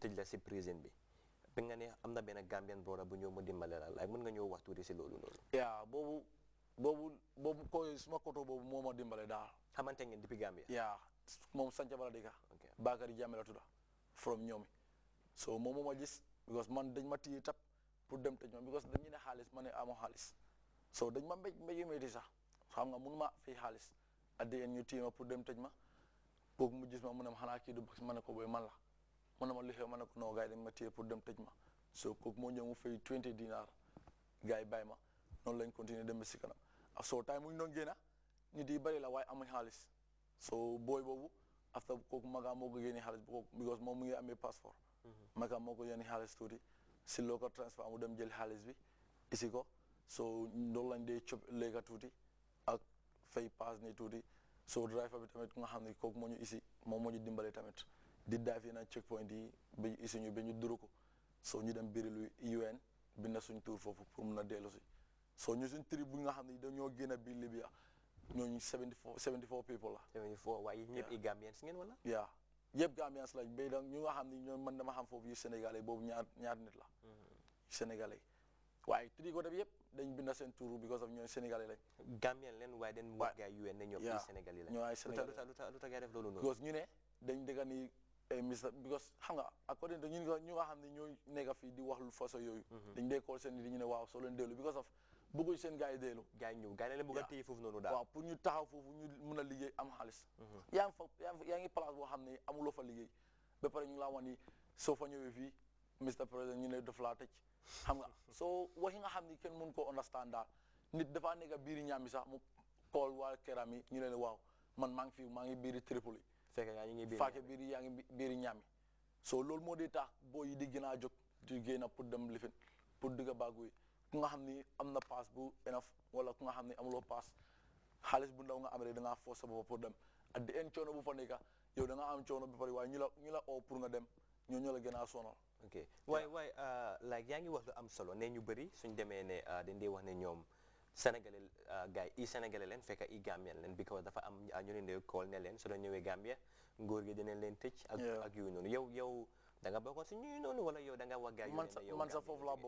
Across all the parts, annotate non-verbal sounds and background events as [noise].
tëj la si prison bi bi nga ne am na benn Gambian broda bu ñëw ma dimbale la like mën nga ñëw wax tuuti si loolu noonu. yaa boobu boobu boobu ko suma koto boobu moo ma dimbale daal. xamante ngeen depuis Gambia. yaa moom Sancha Bala Dika. ok Bakary Jammeh la tudd from ñoomi so moom moo ma gis because man dañ ma téye tap pour dem tëj ma because dañu ne xaalis ma ne amoo xaalis so dañ ma mbéj mbéju métti sax xam nga mënuma fay xaalis at the end ñu téye ma pour dem tëj ma kooku mu gis ma mu ne ma xanaa kii du ma ne ko booy man la. man ne ma lu xew ma ne ko non ma téye pour dem tëj ma so kooku moo ñëw mu fay 20 dinar gars yi bàyyi ma noonu lañ continuer dem ba si kanam ak ah, soo time mu ñu doon génna ñu di bari la waaye amuñ xaalis so booy boobu after kooku ma moo ko génne xaalis boobu because moom mu ngi amee passeport mm-hmm. magaa moo ko yónni xaalis tuuti si local transfer dem jël xaalis bi isi ko so loolu lañ dee cop léegi tuuti ak fay paas ni tuuti so driver bi tamit ku nga xam ne kooku moo isi moom moo ñu dimbale tamit di dive na checkpoint yi ba isuñu ba ñu duru ko soo ñu dem birilu UN bind suñ tuur foofu pour mun a dellu si ñu suñ trip bu ne i Gambians ngeen wala. yaa yëpp Gambians lañ béy donc ñu nga xam ne ñoom man dama xam foofu yu Sénégalais boobu ñaar ñaar nit la. Mm-hmm. Sénégalais waaye tri ko def yëpp dañ bind seen tur because of ñooy Sénégalais lañ. Gambien leen waaye dañ. waaw UN ne ñoom. yaa lu tax def loolu noonu. because ñu ne dañ dëgg ni Eh, ministre because xam nga according to ñu ñu nga xam ne ñoo nekk fii di wax lu façon yooyu mhm. dañ dee call seen nit ñu ne waaw soo leen dellu because of bëgguñ seen gars deelu gars ñëw gars yi leen bëgg a téye foofu noonu daal waaw ñu taxaw foofu ñu mën a liggéey am xaalis mhm. yaa ngi fa yaa ngi place boo xam ne amuloo fa liggéey ba pare ñu ngi laa soo fa ñëwee fii Mr President ñu ne daf laa tëj xam nga [laughs] soo waxi nga xam ne kenn mën koo understand daal nit dafaa nekk biiri ñaami sax mu call waa këram yi ñu leen waaw man maa ngi fii maa ngi biiri Tripoli fekk yaa ngi biir faake biir yaa ngi biir ñaami soo loolu moo di tax boo yi di gën a jóg di génn pour dem lifin pour digga baagu yi xam ni am na paas bu enough wala ku nga xam ni amuloo paas xaalis bu ndaw nga am rek da ngaa force sa bopp pour dem at di en coono bu yow da nga am coono bi pare waaye ñu la ñu la oo pour nga dem ñoo ñoo la gën a sonal ok waaye waaye euh, like yaa ngi wax lu am solo nee ñu bëri suñ demee ne euh, dañ wax ne ñoom Sénégalais euh, gars yi i Sénégalais leen fekk i Gambien leen because dafa am ñu leen di call ne leen su doon ñëwee Gambia nguur gi dinañ leen tëj. ak ak yow yow da nga bokkoon si ñuy noonu wala yow da nga wax gars yi. man sa man sa foofu laa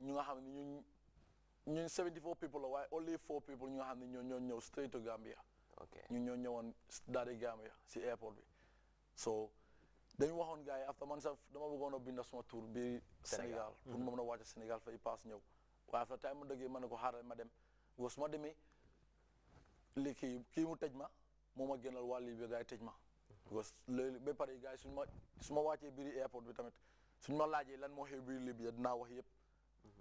ñu nga xam ni ñu ñun 74 people la waaye only 4 people ñu nga xam ne ñoo ñoo ñëw straight to Gambia. ok ñu ñoo ñëwoon daal di Gambia si airport bi so dañu waxoon gars yi after man sa dama bëggoon a binda suma tour bi Sénégal pour ma mën a wàcc Sénégal fay paas ñëw waaye after time ma dëggee ma ne ko xaaral ma dem ba su ma demee li kii kii mu tëj ma moo ma gënal wàll bi gars yi tëj ma. parce que léegi ba pare yi suñ ma su ma wàccee biir airport bi tamit suñ ma laajee lan moo xew biir Libya dinaa wax yëpp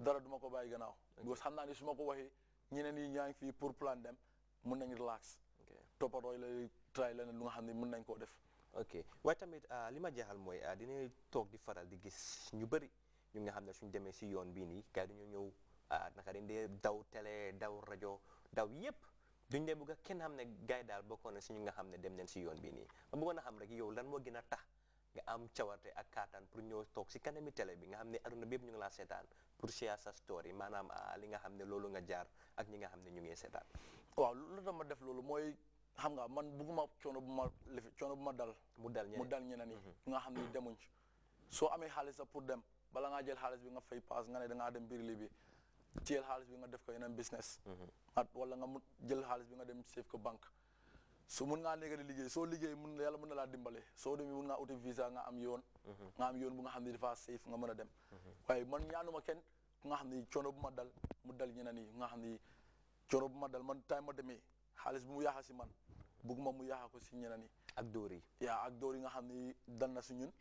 dara duma ko bàyyi gannaaw. parce que xam naa ne su ma ko waxee ñeneen yi ñaa ngi fii pour plan dem mun nañ relax. ok toppatoo lay try leneen lu nga xam ne mun nañ koo def. ok waaye tamit ah, li ma jeexal mooy ah, dinañ toog di faral di gis ñu bëri ñu nga xam ne suñ demee si yoon bii nii gars yi ñëw. Ah, naka dañ dee daw télé daw rajo daw yépp duñ dee bëgg a kenn xam ne gars daal bokkoon na si ñu nga xam ne dem nañ si yoon bi nii ma bëggoon a xam rek yow lan moo gën a tax nga am cawarte ak kaataan pour ñëw toog si kanami tele bi nga xam ne aduna bépp ñu ngi laa seetaan pour share sa story maanaam ah, li nga xam ne loolu nga jaar ak ñi nga xam ne ñu ngi seetaan. waaw lu tax ma loolu mooy xam nga man bugguma coono bu ma lifi coono bu ma dal. mu dal ñeneen mu dal ñeneen ñi mm-hmm. nga xam ne demuñ soo amee xaalis pour dem bala ngaa jël xaalis bi nga fay nga ne da dem biir bi jël xaalis bi nga def ko yeneen business. at wala nga mu jël xaalis bi nga dem save ko banque su mun ngaa nekk di liggéey soo liggéey mun na yàlla mun na laa dimbale soo demee mun ngaa nga am yoon. am yoon bu nga xam ne dafa safe nga mën a dem. waaye man ñaanuma kenn ku nga xam ne coono bu ma dal mu dal ñeneen yi nga xam ni coono bu ma dal man time ma demee xaalis bi mu yaaxa si man bugguma mu yaaxa ko si ñeneen yi. ak dóor yi. yaa ak dóor yi nga xam ne dal na si ñun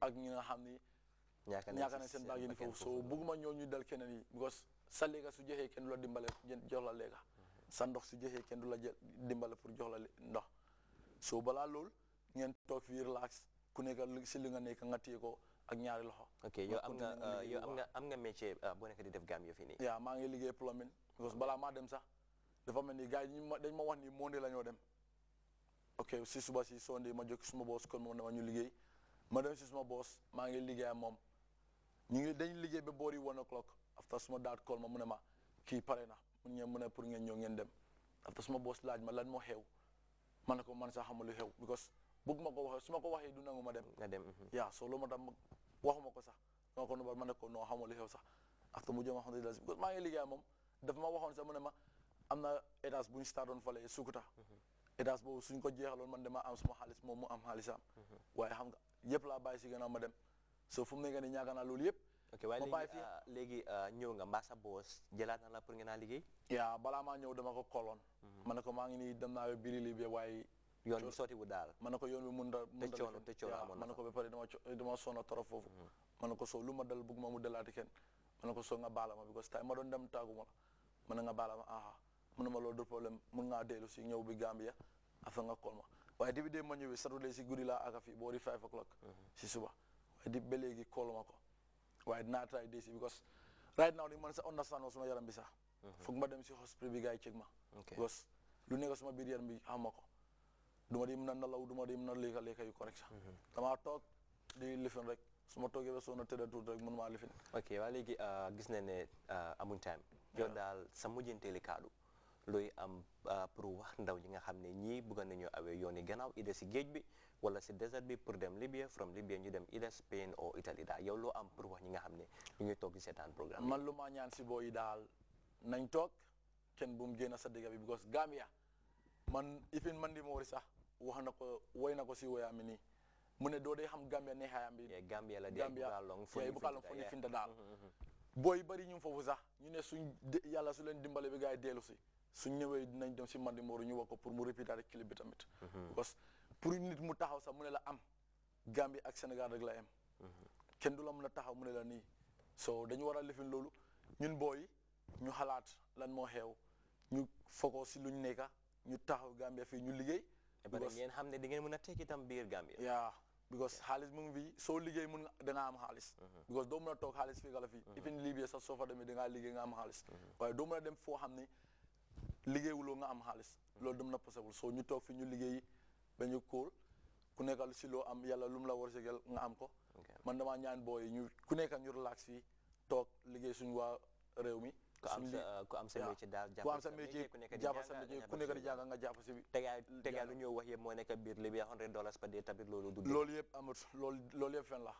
ak ñi nga xam ne. ñaaka ne seen baag yi foofu soo bugguma ñoo ñu dal keneen yi sa léega su joxee kenn du la dimbale jox la léega sa ndox su joxee kenn du la dimbale pour jox la ndox soo balaa lool ngeen toog fii relax ku nekk si li nga nekk nga téye ko ak ñaari loxo. ok yow uh, am nga yow am nga am nga métier uh, boo nekk di def Gambia fii nii. yaa maa ngi liggéey plumbing because balaa maa dem sax dafa mel ni gars yi ñu dañ ma wax ni monde la dem. ok si suba si sonde ma jokk suma kon moom dama ñu liggéey ma dem si suma boos maa ngi liggéey ak dañ liggéey one o'clock after suma daat call ma mu ne ma kii pare na mun ngeen mu ne pour ngeen ñëw ngeen dem after suma boss laaj ma lan moo xew man ne ko man sax xamul lu xew because bëgg ma ko waxee su ma ko waxee du nangu ma dem. nga dem mhm. yaa soo loolu ma tam waxuma ko sax ma ko nubar ma ne ko non xamul lu xew sax after mu jëm alhamdulilah because maa ngi liggéey moom dafa ma waxoon sax mu ne ma am na étage bu ñu startoon fale Sukuta mhm. étage boobu suñ ko jeexaloon man dama am suma xaalis moom mu am xaalisam mhm. waaye xam nga yëpp laa bàyyi si gannaaw ma dem so fu mu nekk nii ñaaka naa loolu yëpp ok way léegi léegi ñëw nga Mbassa Boss jëlaat na la pour ngeen a liggéey yaa balaa maa ñëw dama ko koloon ma mhm. ne ko maa ngi nii dem naa biri li bi waaye yoon bi sotti wu daal ma ne ko yoon bi mun da te coono te coono ya, amoon na ma ne ko ba pare dama eh, dama sonn trop foofu ma mhm. ko soo lu ma dal bëgguma mu dalaati kenn ma ko soo nga baala ma because tay ma doon dem taaguma la ma ne nga baala ma aha mu ne ma loolu du problème mun ngaa dellu si ñëw bi Gambia affaire nga kol ma waaye depuis de ma ñëwee Saturday si guddi laa aka fii boori five o'clock mhm. si suba waaye di ba léegi kol ma ko waaye dinaa try this because right now nii man sa understand ma suma yaram bi sax. Mhm. foog ma dem si hospital bi gars yi check ma. because lu nekk suma biir yaram bi xam ma ko. du ma di mën a nalaw du ma di mën a lekka lekka yu correct sax. Mhm. damaa toog di lifin rek su ma toogee ba soo na tëdd tuuti rek mënuma lifin. ok waa léegi euh, gis nañ ne euh, amuñ time. yow daal sa mujjanteeli kaadu. looy am pour wax ndaw ñi nga xam ne ñii bëgg nañoo awee yooni gannaaw ida si géej bi wala si désert bi pour dem Libya from Libya ñu dem ida Spain o Italie daal yow loo am pour wax ñi nga xam ne ñu ngi toog di seetaan programme man lu maa ñaan si booyi daal nañ toog kenn bu mu génn sa digga bi because Gambia man ifin man di moori sax wax na ko woy na ko si woyaami nii mu ne doo day xam Gambia neexaayam bi Gambia la Gambia fooy bukalong fo ni finta daal mm-hmm, mm-hmm. booy bari ñu foofu sax ñu ne suñ yàlla su leen dimbale bi gars yi deelu si suñ ñëwee dinañ dem si Mandi Mor ñu wax ko pour mu répéter rek clip bi tamit. Mhm. parce que pour nit mu taxaw sax mu ne la am Gambie ak Sénégal rek la am. Mhm. kenn du la mun a taxaw mu ne la nii so dañu war a lifin loolu ñun booy ñu xalaat lan moo xew ñu fokoo si luñ nekka ñu taxaw Gambia fii ñu liggéey. parce que ngeen ne da ngeen mën a tekki tam biir Gambia. yaa because xaalis mu ngi fii soo liggéey mun nga da am xaalis. Mhm. because doo mën a toog xaalis fii nga la fii. ifin Libye sax soo fa demee da ngaa liggéey nga am xaalis. waaye doo mën a dem foo xam ne. liggéeyuloo nga am xaalis loolu dem na possible soo ñu toog fi ñu liggéey ba ñu kóol ku nekkal si loo am yàlla lu mu la war segal nga am ko man damaa ñaan booy ñu ku nekkal ñu relax fii toog liggéey suñu waa réew mi ku am sa ku am sa métier ku nekk di jàng nga jàpp si tegaay lu ñëw wax yëpp moo nekk biir li bi 100 dollars per day tamit loolu du loolu yëpp amut loolu loolu yëpp fen la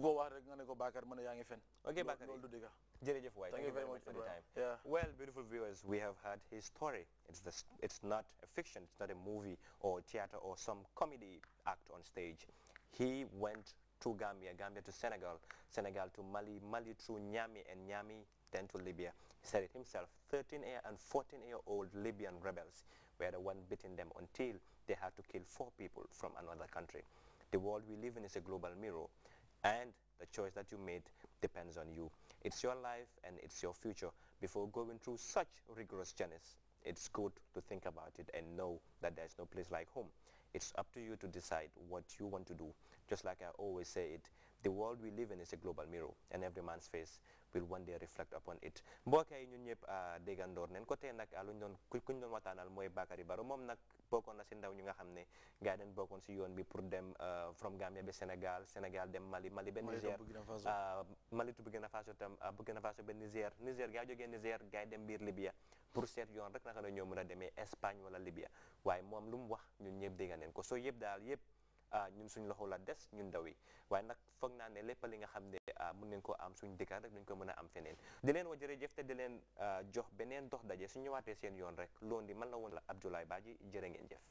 go wax rek nga ne ko Bakar fen. ok Bakar loolu du thank you very much for the time. Yeah. Well, beautiful viewers, we have had his story. It's the it's not a fiction. It's not a movie or theater or some comedy act on stage. He went to Gambia, Gambia to Senegal, Senegal to Mali, Mali through Nyami, and Nyami then to Libya. He said it himself, 13-year and 14-year-old Libyan rebels were the one beating them until they had to kill four people from another country. The world we live in is a global mirror. And the choice that you made depends on you. It's your life and it's your future. Before going through such rigorous journeys, it's good to think about it and know that there's no place like home. It's up to you to decide what you want to do. Just like I always say it, the world we live in is a global mirror and every man's face will one day reflect upon it ñun ah, ko Baro bokkoon na si ndaw ñu nga xam ne gars yi bokkoon si yoon bi pour dem euh, from Gambia ba Sénégal Sénégal dem Mali Mali ba Niger euh, Mali to Burkina Faso tam euh, Burkina Faso ba Niger Niger gaa jógee Niger gars yi dem biir Libya pour seet yoon rek naka la ñoo mën a demee Espagne wala Libya waaye moom lu mu wax ñun ñëpp dégg neen ko soo yëpp daal yëpp ñun ah, suñ loxo la des ñun ndaw yi waaye nag foog naa ne lépp li nga xam ne ah, nañ ko am suñ dëkka rek duñ ko mën am feneen di leen wax jërëjëf te di leen ah, jox beneen dox daje su ñëwaatee seen yoon rek loon di man la woon la Abdoulaye Badji jërë ngeen jëf